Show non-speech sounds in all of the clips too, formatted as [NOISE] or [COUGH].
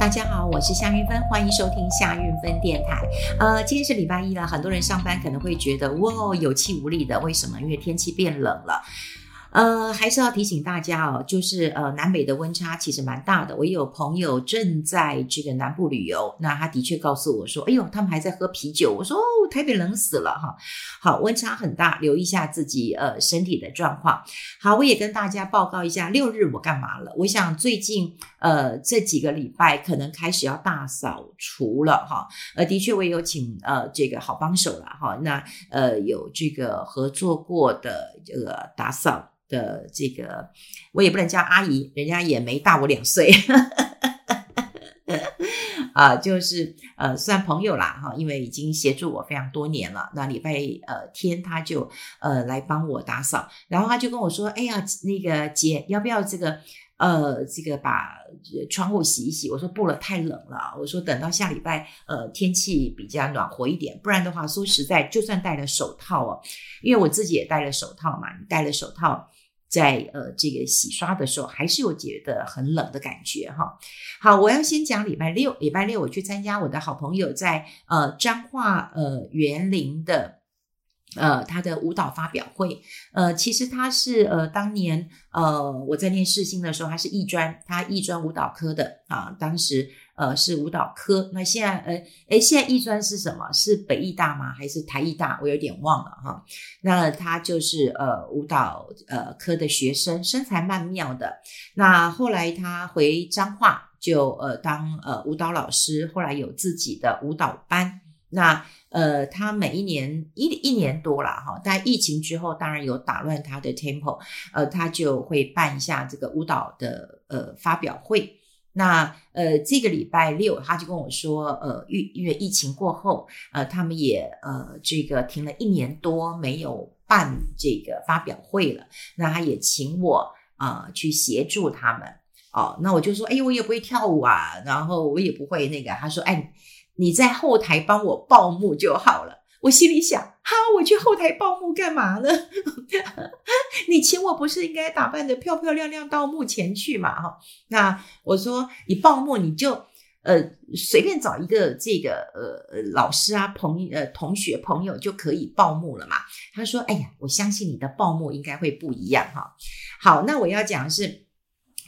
大家好，我是夏韻芬，歡迎收聽夏韻芬電台。呃，今天是禮拜一了，很多人上班可能會覺得，哇，有氣無力的，為什麼？因為天氣變冷了。呃，還是要提醒大家哦，就是呃，南北的溫差其實蠻大的。我有朋友正在這個南部旅遊，那他的確告訴我說，哎呦，他們還在喝啤酒。我說哦，台北冷死了哈。好，溫差很大，留意一下自己呃身體的狀況。好，我也跟大家報告一下，六日我幹嘛了？我想最近呃這幾個禮拜可能開始要大掃除了哈。呃，的確我也有請呃這個好幫手了哈。那呃有這個合作過的這個打掃。的這個我也不能叫阿姨，人家也沒大我兩歲， [LAUGHS] 啊，就是呃，算朋友啦哈，因為已經協助我非常多年了。那禮拜呃天，他就呃來幫我打掃，然後他就跟我說：“哎呀，那個姐，要不要這個呃這個把窗戶洗一洗？”我說：“不了，太冷了。”我說：“等到下禮拜呃天氣比較暖和一點，不然的話，說實在，就算戴了手套哦，因為我自己也戴了手套嘛，你戴了手套。”在呃這個洗刷的時候，還是有覺得很冷的感覺哈。好，我要先講禮拜六，禮拜六我去參加我的好朋友在呃彰化呃員林的。呃，他的舞蹈發表會，呃，其實他是呃，當年呃，我在念世新的時候，他是藝專，他藝專舞蹈科的啊，當時呃是舞蹈科。那現在、呃、誒誒現在藝專是什麼？是北藝大嗎？還是台藝大？我有點忘了哈。那他就是呃舞蹈呃科的學生，身材曼妙的。那後來他回彰化，就呃當呃舞蹈老師，後來有自己的舞蹈班。那呃，他每一年一一年多了哈、哦，在疫情之後，當然有打亂他的 tempo，呃，他就會辦一下這個舞蹈的呃發表會。那呃，這個禮拜六他就跟我說，呃，因為疫情過後，呃，他們也呃這個停了一年多沒有辦這個發表會了。那他也請我啊、呃、去協助他們。哦，那我就說，哎呦我也不會跳舞啊，然後我也不會那個。他說，哎。你在後台幫我報幕就好了。我心裡想，哈，我去後台報幕幹嘛呢？ [LAUGHS] 你請我不是應該打扮得漂漂亮亮到幕前去嘛？哈，那我說你報幕你就呃隨便找一個這個呃老師啊、朋友、呃同學朋友就可以報幕了嘛？他說，哎呀，我相信你的報幕應該會不一樣哈、哦。好，那我要講的是。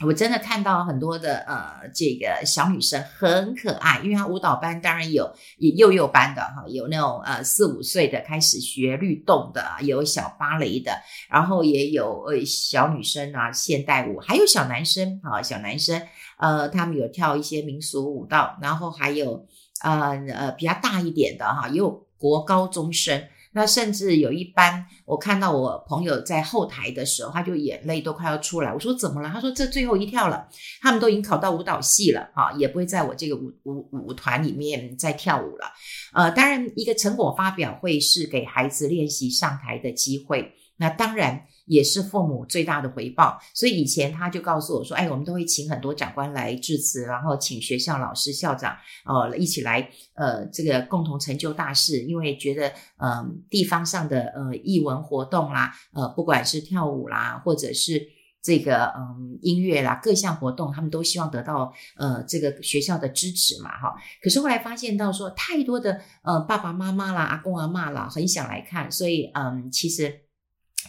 我真的看到很多的呃，這個小女生很可愛，因為她舞蹈班當然有也幼幼班的哈、哦，有那種呃四五歲的開始學律動的，有小芭蕾的，然後也有呃小女生啊現代舞，還有小男生哈、哦，小男生，呃他們有跳一些民俗舞蹈，然後還有呃呃比較大一點的哈，哦、也有國高中生。那甚至有一班，我看到我朋友在後台的時候，他就眼淚都快要出來。我說怎麼了？他說這最後一跳了，他們都已經考到舞蹈系了，哈，也不會在我這個舞舞舞團裡面再跳舞了。呃，當然一個成果發表會是給孩子練習上台的機會，那當然。也是父母最大的回報，所以以前他就告訴我說：“哎，我們都會請很多長官來致辭，然後請學校老師、校長，呃，一起來，呃，這個共同成就大事。因為覺得，嗯、呃，地方上的呃藝文活動啦，呃，不管是跳舞啦，或者是這個嗯、呃、音樂啦，各項活動，他們都希望得到呃這個學校的支持嘛，哈、哦。可是後來發現到說，太多的呃爸爸媽媽啦、阿公阿嬤啦，很想來看，所以嗯、呃，其實。”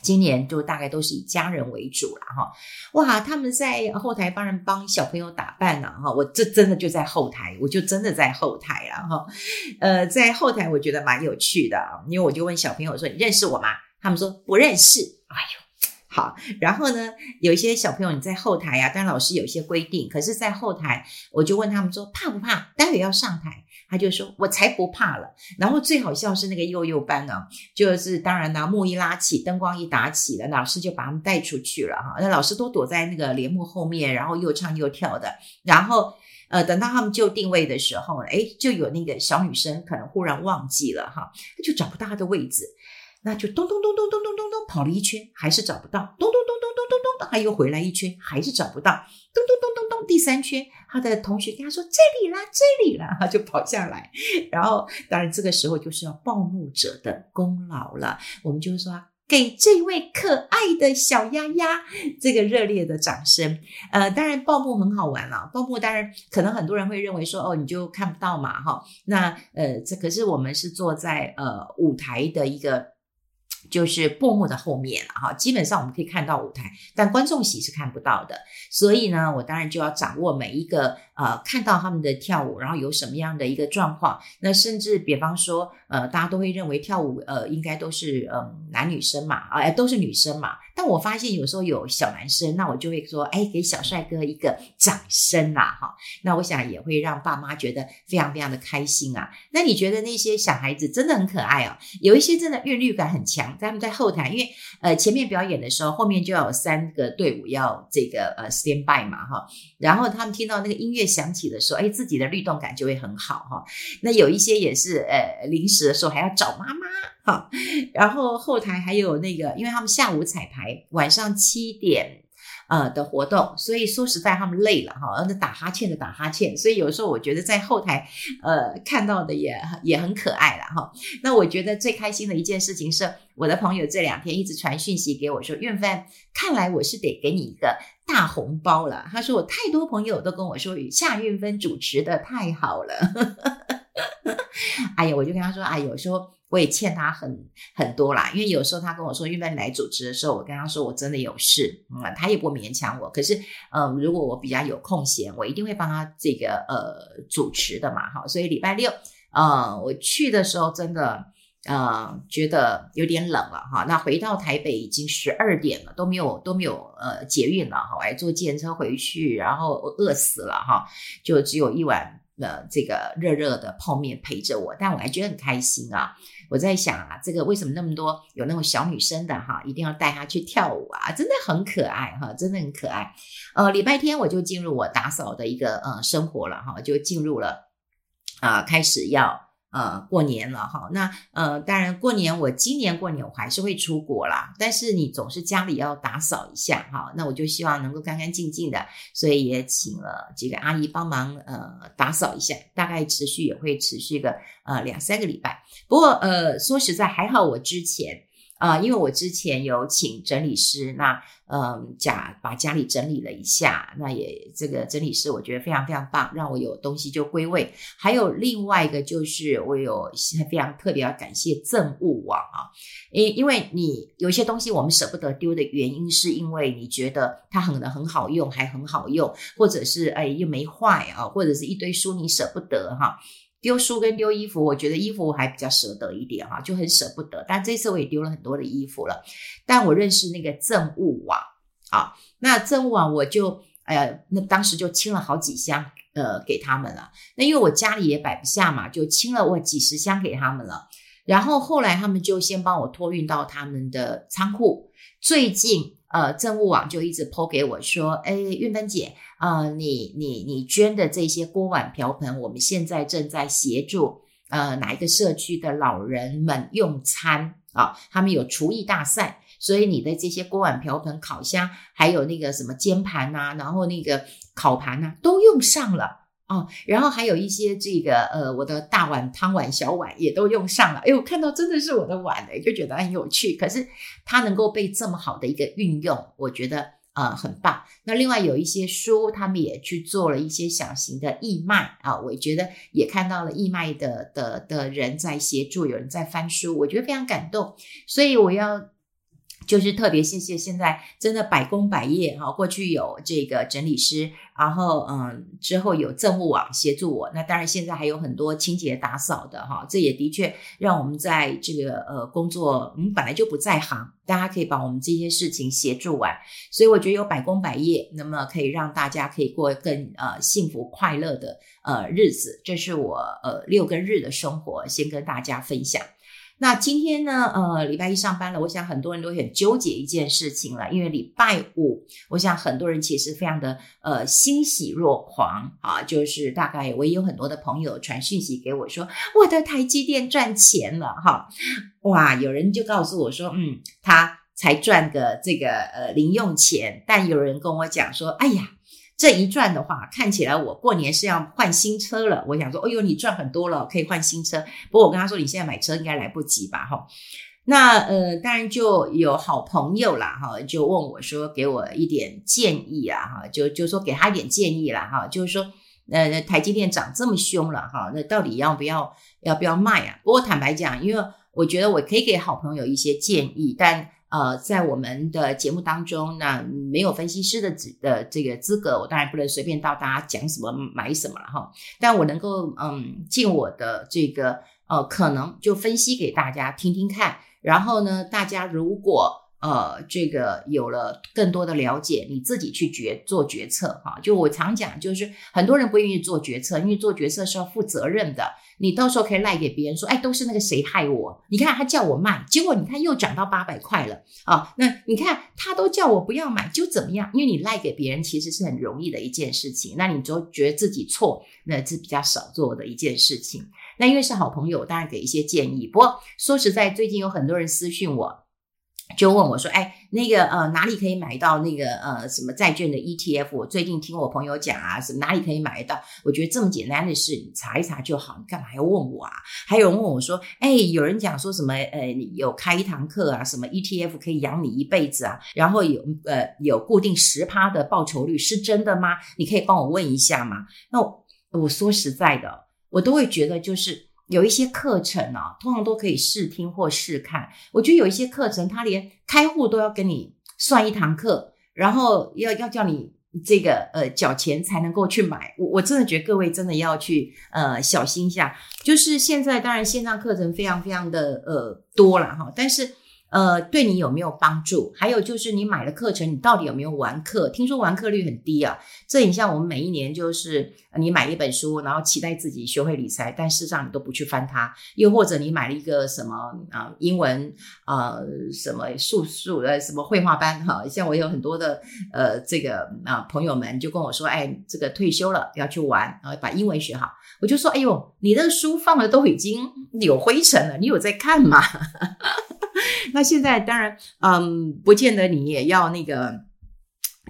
今年就大概都是以家人為主了哈，哇，他們在後台幫人幫小朋友打扮呢哈，我這真的就在後台，我就真的在後台了哈，呃，在後台我覺得蠻有趣的，因為我就問小朋友說，你認識我嗎？他們說，不認識，哎呦，好，然後呢，有一些小朋友你在後台啊，當然老師有一些規定，可是在後台我就問他們說，怕不怕？待會要上台。他就說：“我才不怕了。”然後最好笑是那個幼幼班呢、啊，就是當然啦，幕一拉起，燈光一打起了，老師就把他們帶出去了哈。那老師都躲在那個簾幕後面，然後又唱又跳的。然後呃，等到他們就定位的時候，誒，就有那個小女生可能忽然忘記了哈，就找不到她的位置。那就咚咚咚咚咚咚咚咚跑了一圈，還是找不到。咚咚咚咚咚咚咚咚，他又回來一圈，還是找不到。咚咚咚咚咚，第三圈，他的同學跟他說：“這裡啦，這裡啦。”他就跑下來。然後，當然這個時候就是要報幕者的功勞了。我們就說，給這位可愛的小丫丫這個熱烈的掌聲。呃，當然報幕很好玩了。報幕當然可能很多人會認為說：“哦，你就看不到嘛，哈。”那呃，這可是我們是坐在呃舞台的一個。就是布幕的後面，啊，哈，基本上我們可以看到舞台，但觀眾席是看不到的。所以呢，我當然就要掌握每一個，呃，看到他們的跳舞，然後有什麼樣的一個狀況。那甚至比方說，呃，大家都會認為跳舞，呃，應該都是，嗯、呃，男女生嘛，啊、呃，都是女生嘛。但我發現有時候有小男生，那我就會說，哎，給小帥哥一個掌聲啦，哈。那我想也會讓爸媽覺得非常非常的開心啊。那你覺得那些小孩子真的很可愛哦，有一些真的韻律感很強，在他們在後台，因為呃前面表演的時候，後面就要有三個隊伍要這個呃 stand by 嘛，哈、哦。然後他們聽到那個音樂響起的時候，哎，自己的律動感就會很好哈、哦。那有一些也是呃臨時的時候還要找媽媽哈、哦。然後後台還有那個，因為他們下午彩排。晚上七點，呃的活動，所以說實在他們累了哈，那打哈欠的打哈欠，所以有時候我覺得在後台，呃看到的也也很可愛了哈、哦。那我覺得最開心的一件事情是，我的朋友這兩天一直傳訊息給我說，韻芬，看來我是得給你一個大紅包了。他說，我太多朋友都跟我說，夏韻芬主持得太好了。 [LAUGHS] [LAUGHS] 哎呀，我就跟他說，哎，有時候我也欠他很很多啦，因為有時候他跟我說要來主持的時候，我跟他說我真的有事，嗯，他也不勉強我。可是，嗯、呃，如果我比較有空閒，我一定會幫他這個呃主持的嘛，哈。所以禮拜六，嗯、呃，我去的時候真的，呃，覺得有點冷了哈。那回到台北已經十二點了，都沒有都沒有呃捷運了哈，我還坐計程車回去，然後我餓死了哈，就只有一碗。呃，這個熱熱的泡麵陪着我，但我還覺得很開心啊！我在想啊，這個為什麼那麼多有那種小女生的哈，一定要帶她去跳舞啊？真的很可愛哈，真的很可愛。呃，禮拜天我就進入我打掃的一個呃生活了哈，就進入了啊，呃，開始要。呃，過年了哈，那呃，當然過年我今年過年我還是會出國啦，但是你總是家裡要打掃一下哈，那我就希望能夠乾乾淨淨的，所以也請了幾個阿姨幫忙呃打掃一下，大概持續也會持續個呃兩三個禮拜，不過呃說實在還好，我之前。啊、呃，因為我之前有請整理師，那嗯、呃，假把家裡整理了一下，那也這個整理師我覺得非常非常棒，讓我有東西就歸位。還有另外一個就是，我有現在非常特別要感謝贈物網啊，因因為你有些東西我們捨不得丟的原因，是因為你覺得它很很好用，還很好用，或者是哎又沒壞啊，或者是一堆書你捨不得哈、啊。丟書跟丟衣服，我覺得衣服我還比較捨得一點哈，就很捨不得。但這次我也丟了很多的衣服了。但我認識那個贈物網啊，那贈物網我就，呃，那當時就清了好幾箱，呃，給他們了。那因為我家裡也擺不下嘛，就清了我幾十箱給他們了。然後後來他們就先幫我托運到他們的倉庫。最近。呃，政務網就一直 Po 給我說，哎，韻芬姐啊，呃，你你你捐的這些鍋碗瓢盆，我們現在正在協助呃哪一個社區的老人們用餐啊，呃，他們有廚藝大賽，所以你的這些鍋碗瓢盆、烤箱，還有那個什麼煎盤吶，啊，然後那個烤盤吶，啊，都用上了。哦，然後還有一些這個呃，我的大碗、湯碗、小碗也都用上了。哎呦，我看到真的是我的碗誒，欸，就覺得很有趣。可是它能夠被這麼好的一個運用，我覺得呃很棒。那另外有一些書，他們也去做了一些小型的義賣啊，我覺得也看到了義賣的的的人在協助，有人在翻書，我覺得非常感動。所以我要。就是特別謝謝現在真的百工百業哈、啊，過去有這個整理師，然後嗯之後有政務網協助我，那當然現在還有很多清潔打掃的哈、啊，這也的確讓我們在這個呃工作，我、嗯、們本來就不在行，大家可以把我們這些事情協助完、啊，所以我覺得有百工百業，那麼可以讓大家可以過更呃幸福快樂的呃日子，這是我呃六跟日的生活，先跟大家分享。那今天呢？呃，禮拜一上班了，我想很多人都很糾結一件事情了，因為禮拜五，我想很多人其實非常的呃欣喜若狂啊，就是大概我也有很多的朋友傳訊息給我說，我的台積電賺錢了哈、啊，哇，有人就告訴我說，嗯，他才賺個這個呃零用錢，但有人跟我講說，哎呀。這一賺的話，看起來我過年是要換新車了。我想說，哎呦，你賺很多了，可以換新車。不過我跟他說，你現在買車應該來不及吧？哈，那呃，當然就有好朋友啦，哈，就問我說，給我一點建議啊，哈，就就說給他一點建議了，哈，就是說，呃，台積電漲這麼兇了，哈，那到底要不要要不要賣啊？不過坦白講，因為我覺得我可以給好朋友一些建議，但。呃，在我們的節目當中，那沒有分析師的資呃這個資格，我當然不能隨便到大家講什麼買什麼了哈。但我能夠嗯盡我的這個呃可能，就分析給大家聽聽看。然後呢，大家如果。呃，這個有了更多的了解，你自己去決做決策哈。就我常講，就是很多人不願意做決策，因為做決策是要負責任的。你到時候可以賴給別人說，哎，都是那個誰害我？你看他叫我賣，結果你看又漲到八百塊了啊。那你看他都叫我不要買，就怎麼樣？因為你賴給別人其實是很容易的一件事情。那你就覺得自己錯，那是比較少做的一件事情。那因為是好朋友，我當然給一些建議。不過說實在，最近有很多人私信我。就問我說：“哎，那個呃，哪裡可以買到那個呃什麼債券的 ETF？” 我最近聽我朋友講啊，什麼哪裡可以買得到？我覺得這麼簡單的事，你查一查就好，你幹嘛要問我啊？還有人問我說：“哎，有人講說什麼呃，你有開一堂課啊，什麼 ETF 可以養你一輩子啊？然後有呃有固定十趴的報酬率，是真的嗎？你可以幫我問一下嗎？”那我，我說實在的，我都會覺得就是。有一些課程啊，通常都可以試聽或試看。我覺得有一些課程，他連開戶都要跟你算一堂課，然後要要叫你這個呃繳錢才能夠去買。我我真的覺得各位真的要去呃小心一下。就是現在，當然線上課程非常非常的呃多啦哈，但是。呃，對你有沒有幫助？還有就是你買了課程，你到底有沒有完課？聽說完課率很低啊。這你像我們每一年，就是你買一本書，然後期待自己學會理財，但事實上你都不去翻它。又或者你買了一個什麼啊，英文啊，什麼數數呃，什麼，素素什麼繪畫班哈、啊。像我有很多的呃，這個啊朋友們就跟我說，哎，這個退休了要去玩，然、啊、後把英文學好。我就說，哎呦，你的書放的都已經有灰塵了，你有在看嗎？ [LAUGHS] 那現在當然，嗯，不見得你也要那個，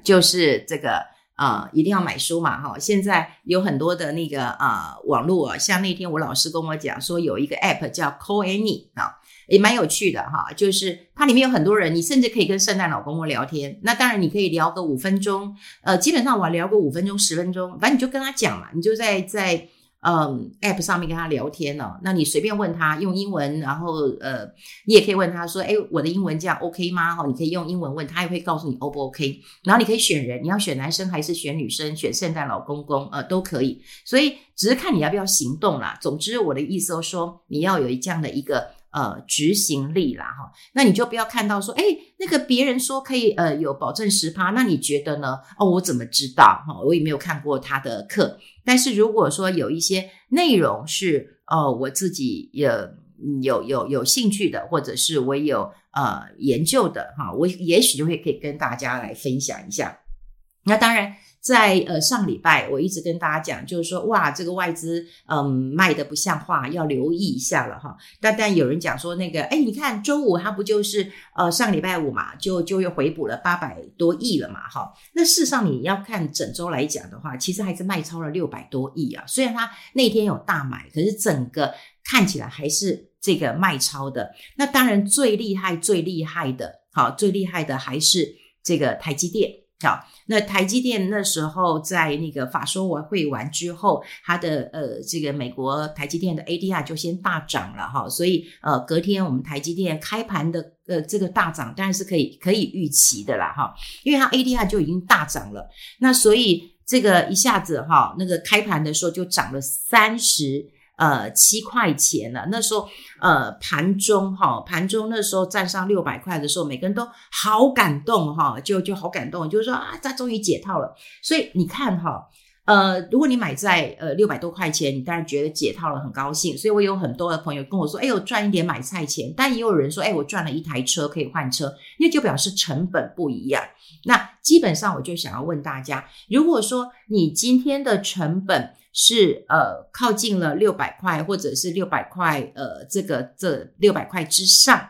就是這個，呃，一定要買書嘛，哈、哦。現在有很多的那個，呃，網絡啊、哦，像那天我老師跟我講說，有一個 App 叫 Call Any 啊、哦，也蠻有趣的哈、哦。就是它裡面有很多人，你甚至可以跟聖誕老公公聊天。那當然你可以聊個五分鐘，呃，基本上我聊個五分鐘、十分鐘，反正你就跟他講嘛，你就在在。嗯，app 上面跟他聊天呢、哦，那你隨便問他用英文，然後呃，你也可以問他說，誒，我的英文這樣 OK 嗎？哈、哦，你可以用英文問他，也會告訴你 O 不 OK。然後你可以選人，你要選男生還是選女生，選聖誕老公公，呃，都可以。所以只是看你要不要行動啦。總之，我的意思是說，你要有這樣的一個。呃，執行力啦，哈、哦，那你就不要看到說，哎，那個別人說可以，呃，有保證十趴，那你覺得呢？哦，我怎麼知道？哈、哦，我也沒有看過他的課。但是如果說有一些內容是，哦，我自己有有有有興趣的，或者是我有呃研究的，哈、哦，我也許就會可以跟大家來分享一下。那當然。在呃上禮拜，我一直跟大家講，就是說，哇，這個外資嗯賣得不像話，要留意一下了哈。但但有人講說，那個哎、欸，你看周五它不就是呃上禮拜五嘛，就就又回補了八百多億了嘛哈。那事實上你要看整周來講的話，其實還是賣超了六百多億啊。雖然它那天有大買，可是整個看起來還是這個賣超的。那當然最厲害最厲害的，哈，最厲害的還是這個台積電。好，那台積電那時候在那個法說完會完之後，它的呃這個美國台積電的 ADR 就先大漲了哈、哦，所以呃隔天我們台積電開盤的呃這個大漲當然是可以可以預期的啦哈、哦，因為它 ADR 就已經大漲了，那所以這個一下子哈、哦、那個開盤的時候就漲了三十，呃，七塊錢了啊。那時候，呃，盤中哈，盤中那時候站上六百塊的時候，每個人都好感動哈，就就好感動，就是說啊，他終於解套了。所以你看哈，呃，如果你買在呃六百多塊錢，你當然覺得解套了，很高興。所以我有很多的朋友跟我說，哎，我賺一點買菜錢，但也有人說，哎，我賺了一台車可以換車，那就表示成本不一樣。那基本上我就想要問大家，如果說你今天的成本。是呃，靠近了六百塊，或者是六百塊呃，這個這六百塊之上，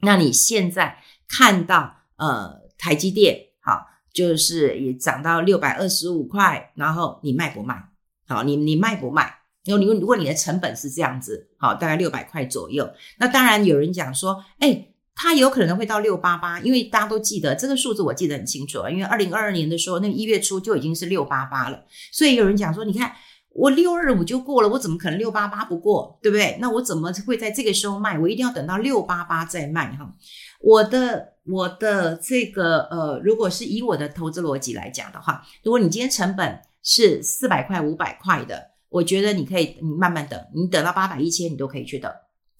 那你現在看到呃，台積電好，就是也漲到六百二十五塊，然後你賣不賣？好，你你賣不賣？因為如果如果你的成本是這樣子，好，大概六百塊左右，那當然有人講說，誒、欸它有可能會到六八八，因為大家都記得這個數字，我記得很清楚啊。因為二零二二年的時候，那一月初就已經是六八八了。所以有人講說：“你看我六二五就過了，我怎麼可能六八八不過？對不對？那我怎麼會在這個時候賣？我一定要等到六八八再賣哈。”我的我的這個呃，如果是以我的投資邏輯來講的話，如果你今天成本是四百塊、五百塊的，我覺得你可以你慢慢等，你等到八百、一千，你都可以去等。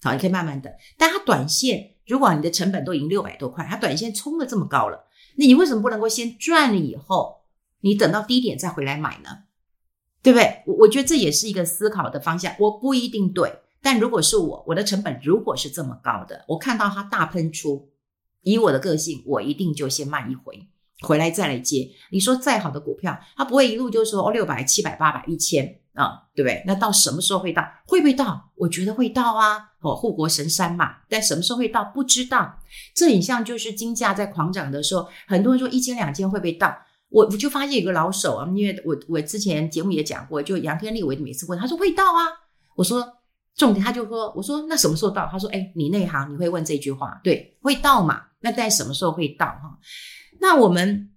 好，你可以慢慢等，但它短線。如果你的成本都已經六百多塊，它短線衝得這麼高了，那你為什麼不能夠先賺了以後，你等到低點再回來買呢？對不對？我我覺得這也是一個思考的方向。我不一定對，但如果是我，我的成本如果是這麼高的，我看到它大噴出，以我的個性，我一定就先賣一回，回來再來接。你說再好的股票，它不會一路就說哦六百七百八百一千，啊、哦，對不對？那到什麼時候會到？會不會到？我覺得會到啊，哦，護國神山嘛。但什麼時候會到？不知道。這很像就是金價在狂漲的時候，很多人說一千兩千會不會到？我我就發現有個老手啊，因為我我之前節目也講過，就楊天立，我也每次問他說會到啊，我說重點，他就說我說那什麼時候到？他說誒你內行你會問這句話，對，會到嘛？那在什麼時候會到哈？那我們。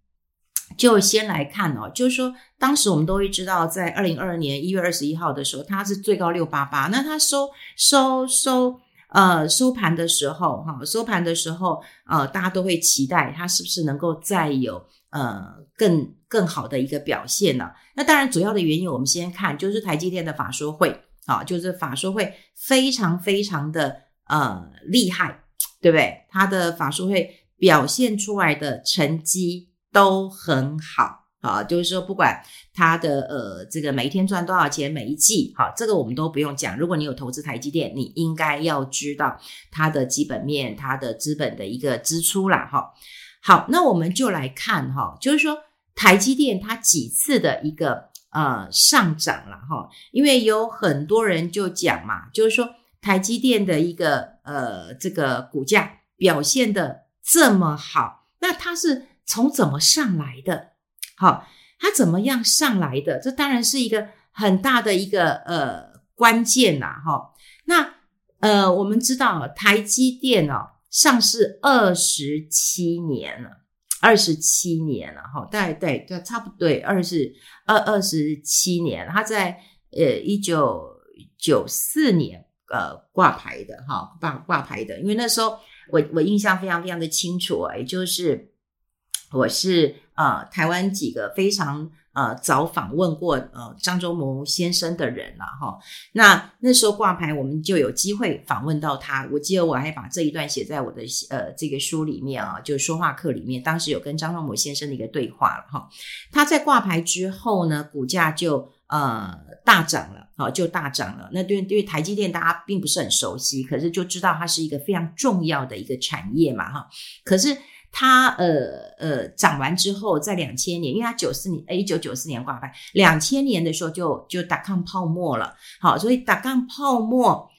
就先來看哦，就是說，當時我們都會知道，在二零二二年一月二十一號的時候，它是最高六八八。那它收收收，呃，收盤的時候，哈，收盤的時候，呃，大家都會期待它是不是能夠再有呃更更好的一個表現呢、啊？那當然，主要的原因我們先看，就是台積電的法說會，好、啊，就是法說會非常非常的呃厲害，對不對？它的法說會表現出來的成績。都很好啊，就是說不管它的呃這個每一天賺多少錢，每一季哈，這個我們都不用講。如果你有投資台積電，你應該要知道它的基本面、它的資本的一個支出啦哈。好，那我們就來看哈，就是說台積電它幾次的一個呃上漲了哈，因為有很多人就講嘛，就是說台積電的一個呃這個股價表現得這麼好，那它是。從怎麼上來的？好，他怎麼樣上來的？這當然是一個很大的一個呃關鍵吶、啊，哈、哦。那呃，我們知道台積電哦，上市二十七年了，二十七年了，哈、哦，大概對，對，差不多二十二二十七年。他在呃一九九四年呃掛牌的，哈、哦，掛掛牌的，因為那時候我我印象非常非常的清楚啊，也就是。我是呃台灣幾個非常呃早訪問過呃張忠謀先生的人了哈。那那時候掛牌，我們就有機會訪問到他。我記得我還把這一段寫在我的呃這個書裡面啊，就說話課裡面，當時有跟張忠謀先生的一個對話哈。他在掛牌之後呢，股價就呃大漲了，哈，就大漲了。那對對於台積電大家並不是很熟悉，可是就知道它是一個非常重要的一個產業嘛哈。可是。它呃呃漲完之後，在兩千年，因為它九四年，呃一九九四年掛牌，兩千年的時候就就達康泡沫了，好，所以達康泡沫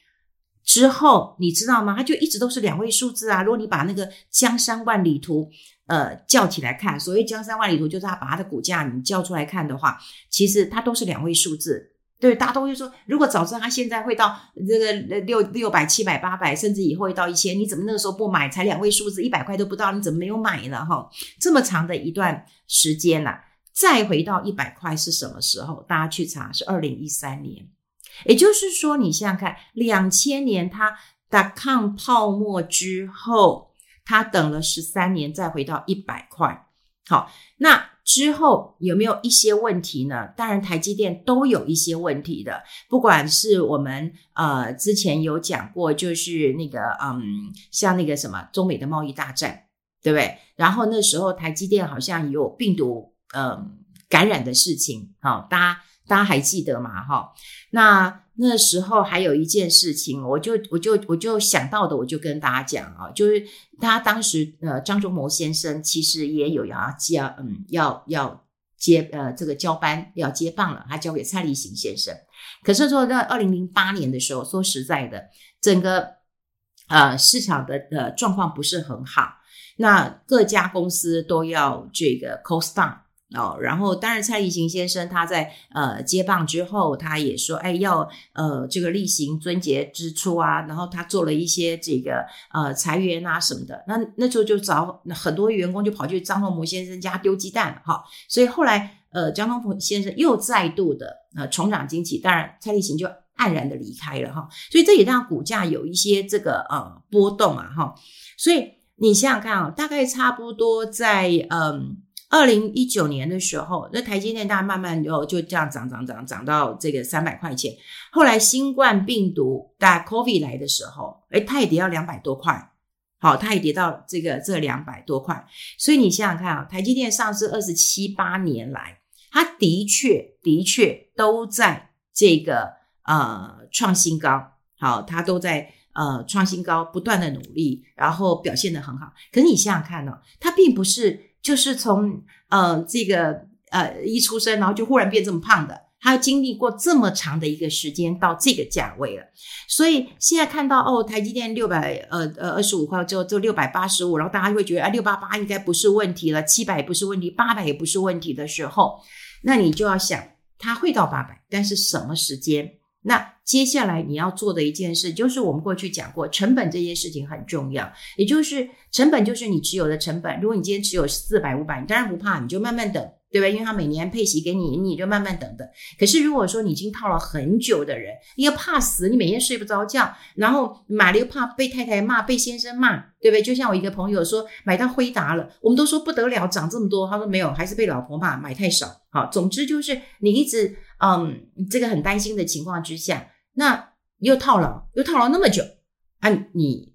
之後，你知道嗎？它就一直都是兩位數字啊。如果你把那個《江山萬里圖》呃叫起來看，所謂《江山萬里圖》，就是它把它的股價你叫出來看的話，其實它都是兩位數字。對，大家都會說，如果早知道他現在會到這個六六百七百八百，甚至以後會到一千，你怎麼那個時候不買？才兩位數字，一百塊都不到，你怎麼沒有買呢？哈，這麼長的一段時間吶，再回到一百塊是什麼時候？大家去查，是二零一三年。也就是說，你想想看，兩千年他達康泡沫之後，他等了十三年，再回到一百塊。好，那。之後有沒有一些問題呢？當然，台積電都有一些問題的，不管是我們呃之前有講過，就是那個嗯，像那個什麼，中美的貿易大戰，對不對？然後那時候台積電好像有病毒嗯、呃、感染的事情，好、哦，大家。大家還記得嗎？哈，那那時候還有一件事情，我就我就我就想到的，我就跟大家講啊，就是他當時呃，張忠謀先生其實也有要，要，要，要接，嗯、呃，要要接呃這個交班要接棒了，他交給蔡力行先生。可是說在二零零八年的時候，說實在的，整個呃市場的呃狀況不是很好，那各家公司都要這個 cost down 哦，然後當然蔡力行先生他在呃接棒之後，他也說，哎，要呃這個厲行撙節支出啊，然後他做了一些這個呃裁員啊什麼的，那那時候就找很多員工就跑去張忠謀先生家丟雞蛋哈、哦，所以後來呃張忠謀先生又再度的呃重掌經濟，當然蔡力行就黯然的離開了哈、哦，所以這也讓股價有一些這個呃波動啊。哈、哦，所以你想想看啊、哦，大概差不多在嗯。呃二零一九年的時候，那台積電大家慢慢就就這樣漲漲漲漲到這個三百塊錢。後來新冠病毒，大家 COVID 來的時候，誒、欸、它也跌到兩百多塊，好，它也跌到這個這兩百多塊。所以你想想看啊，台積電上市二十七八年來，它的確的確都在這個呃創新高，好，它都在呃創新高，不斷的努力，然後表現得很好。可是你想想看呢、啊，它並不是。就是從呃這個呃一出生，然後就忽然變這麼胖的。他經歷過這麼長的一個時間到這個價位了，所以現在看到哦，台積電六百呃呃二十五塊之後就六百八十五，然後大家會覺得啊，六八八應該不是問題了，七百也不是問題，八百也不是問題的時候，那你就要想它會到八百，但是什麼時間？那接下來你要做的一件事，就是我們過去講過，成本這件事情很重要，也就是成本就是你持有的成本。如果你今天持有四百五百，你當然不怕，你就慢慢等，對吧？因為它每年配息給你，你就慢慢等等。可是如果說你已經套了很久的人，你又怕死，你每天睡不着覺，然後買了又怕被太太罵，被先生罵，對不對？就像我一個朋友說買到輝達了，我們都說不得了，漲這麼多，他說沒有，還是被老婆罵，買太少。好，總之就是你一直。嗯，um, 這個很擔心的情況之下，那又套牢，又套牢那麼久，啊，你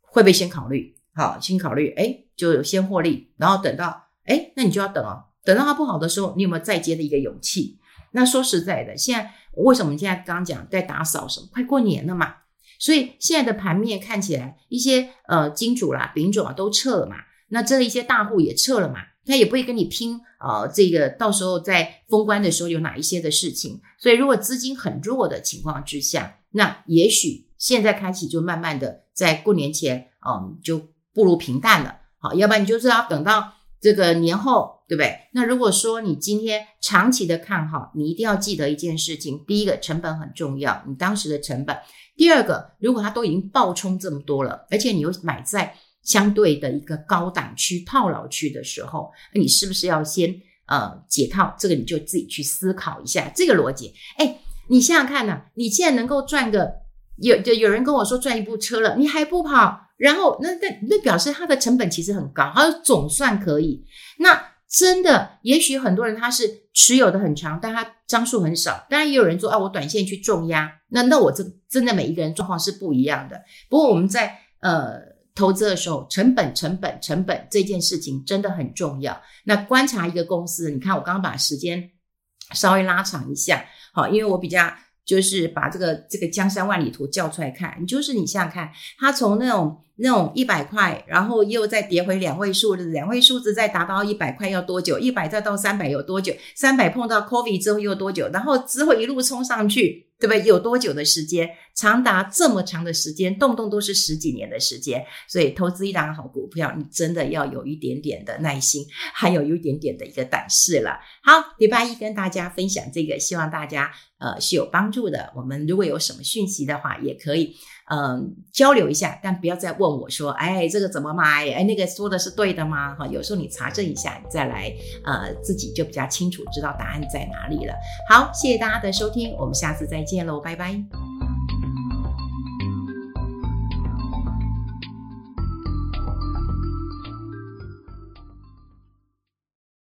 會不會先考慮？好，先考慮，哎，就有先獲利，然後等到，哎，那你就要等哦，等到它不好的時候，你有沒有再接的一個勇氣？那說實在的，現在為什麼你現在剛講在打掃什麼？快過年了嘛，所以現在的盤面看起來，一些呃金主啦、丙種啊都撤了嘛，那這一些大戶也撤了嘛。他也不會跟你拼，呃，這個到時候在封關的時候有哪一些的事情，所以如果資金很弱的情況之下，那也許現在開啟就慢慢的在過年前，嗯，就不如平淡了，好，要不然你就是要等到這個年後，對不對？那如果說你今天長期的看好，你一定要記得一件事情，第一個成本很重要，你當時的成本；第二個，如果它都已經暴衝這麼多了，而且你又買在。相對的一個高檔區套牢區的時候，那你是不是要先呃解套？這個你就自己去思考一下這個邏輯。哎，你想想看吶、啊，你既然能夠賺個有，就有人跟我說賺一部車了，你還不跑？然後那那那表示它的成本其實很高，它總算可以。那真的，也許很多人他是持有的很長，但他張數很少。當然也有人說，啊，我短線去重壓。那那我這真的每一個人狀況是不一樣的。不過我們在呃。投資的時候，成本、成本、成本這件事情真的很重要。那觀察一個公司，你看我剛剛把時間稍微拉長一下，好，因為我比較就是把這個這個江山萬里圖叫出來看。就是你想想看，它從那種那種一百塊，然後又再跌回兩位數，兩位數字再達到一百塊要多久？一百再到三百有多久？三百碰到 COVID 之後又多久？然後之後一路衝上去。對不對？有多久的時間？長達這麼長的時間，動不動都是十幾年的時間。所以，投資一檔好股票，你真的要有一點點的耐心，還有一點點的一個膽識了。好，禮拜一跟大家分享這個，希望大家。呃，是有幫助的。我們如果有什麼訊息的話，也可以，嗯、呃，交流一下。但不要再問我說，哎，這個怎麼買？哎，那個說的是對的嗎？哈、哦，有時候你查證一下，再來，呃，自己就比較清楚，知道答案在哪裡了。好，謝謝大家的收聽，我們下次再見嘍，拜拜。